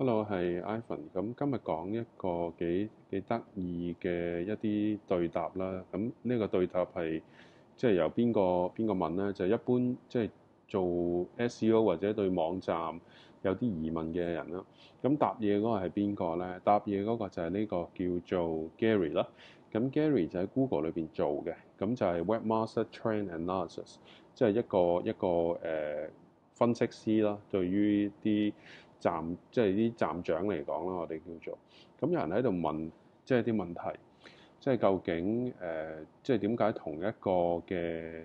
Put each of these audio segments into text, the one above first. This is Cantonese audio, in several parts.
Hello，係 Ivan。咁今日講一個幾幾得意嘅一啲對答啦。咁呢個對答係即係由邊個邊個問咧？就一般即係做 SEO 或者對網站有啲疑問嘅人啦。咁答嘢嗰個係邊個咧？答嘢嗰個就係呢個叫做 Gary 啦。咁 Gary 就喺 Google 裏邊做嘅。咁就係 Webmaster Train Analysis，即係一個一個誒分析師啦。對於啲站，即係啲站長嚟講啦，我哋叫做，咁有人喺度問，即係啲問題，即係究竟誒、呃，即係點解同一個嘅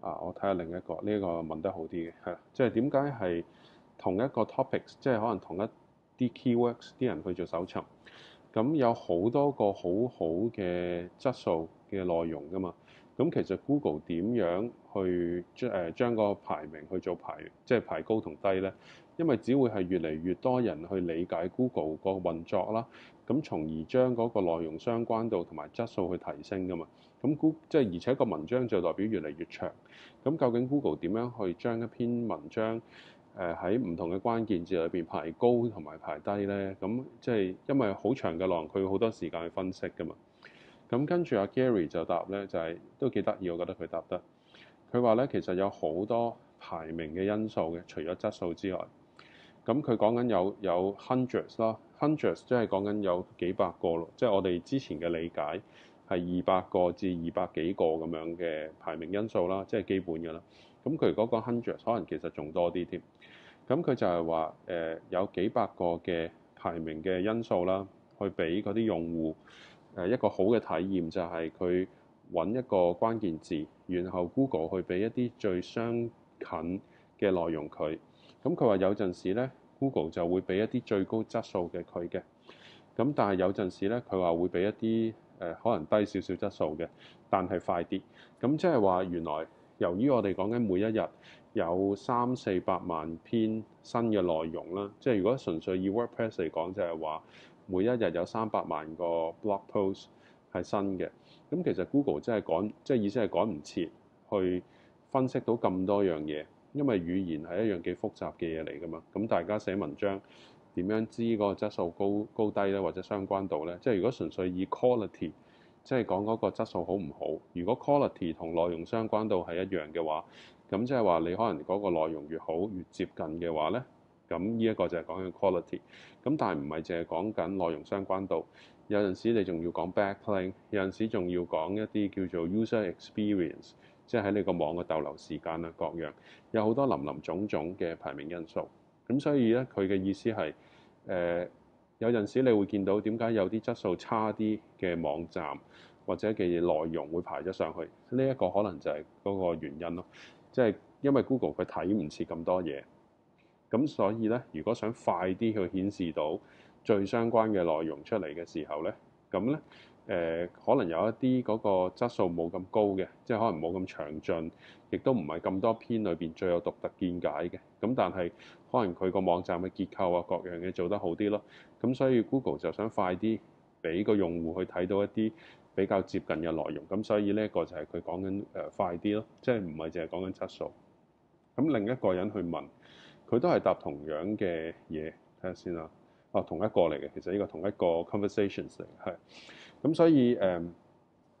啊？我睇下另一個呢、呢個問得好啲嘅嚇，即係點解係同一個 topics，即係可能同一啲 keywords 啲人去做搜尋，咁有好多個好好嘅質素嘅內容噶嘛？咁其實 Google 點樣去、呃、將誒將個排名去做排，即係排高同低咧？因為只會係越嚟越多人去理解 Google 個運作啦，咁從而將嗰個內容相關度同埋質素去提升噶嘛。咁 Google 即係而且個文章就代表越嚟越長。咁究竟 Google 點樣去將一篇文章誒喺唔同嘅關鍵字裏邊排高同埋排低咧？咁即係因為好長嘅內容，佢好多時間去分析噶嘛。咁跟住阿、啊、Gary 就答咧，就係、是，都幾得意，我覺得佢答得。佢話咧，其實有好多排名嘅因素嘅，除咗質素之外。咁佢講緊有有 hundreds 啦，hundreds 即係講緊有幾百個咯，即係我哋之前嘅理解係二百個至二百幾個咁樣嘅排名因素啦，即係基本嘅啦。咁佢嗰個 hundreds 可能其實仲多啲添。咁佢就係話誒有幾百個嘅排名嘅因素啦，去俾嗰啲用戶誒一個好嘅體驗，就係佢揾一個關鍵字，然後 Google 去俾一啲最相近嘅內容佢。咁佢話有陣時咧，Google 就會俾一啲最高質素嘅佢嘅。咁但係有陣時咧，佢話會俾一啲誒可能低少少質素嘅，但係快啲。咁即係話原來由於我哋講緊每一日有三四百萬篇新嘅內容啦，即係如果純粹以 WordPress 嚟講，就係話每一日有三百萬個 blog post 係新嘅。咁其實 Google 真係趕，即係意思係趕唔切去分析到咁多樣嘢。因為語言係一樣幾複雜嘅嘢嚟噶嘛，咁大家寫文章點樣知嗰個質素高高低咧，或者相關度咧？即係如果純粹以 quality 即係講嗰個質素好唔好，如果 quality 同內容相關度係一樣嘅話，咁即係話你可能嗰個內容越好越接近嘅話咧，咁呢一個就係講緊 quality。咁但係唔係淨係講緊內容相關度，有陣時你仲要講 backlink，有陣時仲要講一啲叫做 user experience。即係喺你個網嘅逗留時間啦，各樣有好多林林種種嘅排名因素。咁所以咧，佢嘅意思係誒、呃，有陣時你會見到點解有啲質素差啲嘅網站或者嘅內容會排咗上去？呢、這、一個可能就係嗰個原因咯。即係因為 Google 佢睇唔切咁多嘢，咁所以咧，如果想快啲去顯示到最相關嘅內容出嚟嘅時候咧，咁咧。誒、呃、可能有一啲嗰個質素冇咁高嘅，即係可能冇咁詳盡，亦都唔係咁多篇裏邊最有獨特見解嘅。咁但係可能佢個網站嘅結構啊，各樣嘢做得好啲咯。咁所以 Google 就想快啲俾個用戶去睇到一啲比較接近嘅內容。咁所以呢一個就係佢講緊誒快啲咯，即係唔係淨係講緊質素。咁另一個人去問，佢都係答同樣嘅嘢。睇下先啦、啊。啊、哦、同一個嚟嘅，其實呢個同一個 conversations 嚟嘅，係咁、嗯、所以誒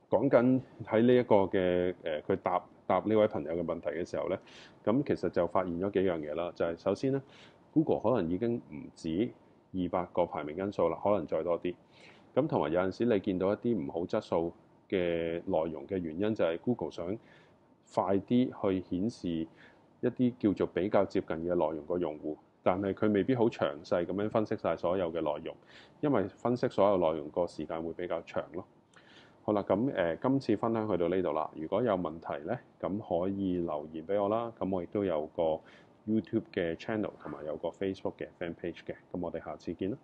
講緊喺呢一個嘅誒佢答答呢位朋友嘅問題嘅時候咧，咁、嗯、其實就發現咗幾樣嘢啦，就係、是、首先咧，Google 可能已經唔止二百個排名因素啦，可能再多啲。咁同埋有陣時你見到一啲唔好質素嘅內容嘅原因，就係 Google 想快啲去顯示一啲叫做比較接近嘅內容個用戶。但係佢未必好詳細咁樣分析晒所有嘅內容，因為分析所有內容個時間會比較長咯。好啦，咁誒、呃、今次分享去到呢度啦。如果有問題咧，咁可以留言俾我啦。咁我亦都有個 YouTube 嘅 channel 同埋有個 Facebook 嘅 fan page 嘅。咁我哋下次見啦。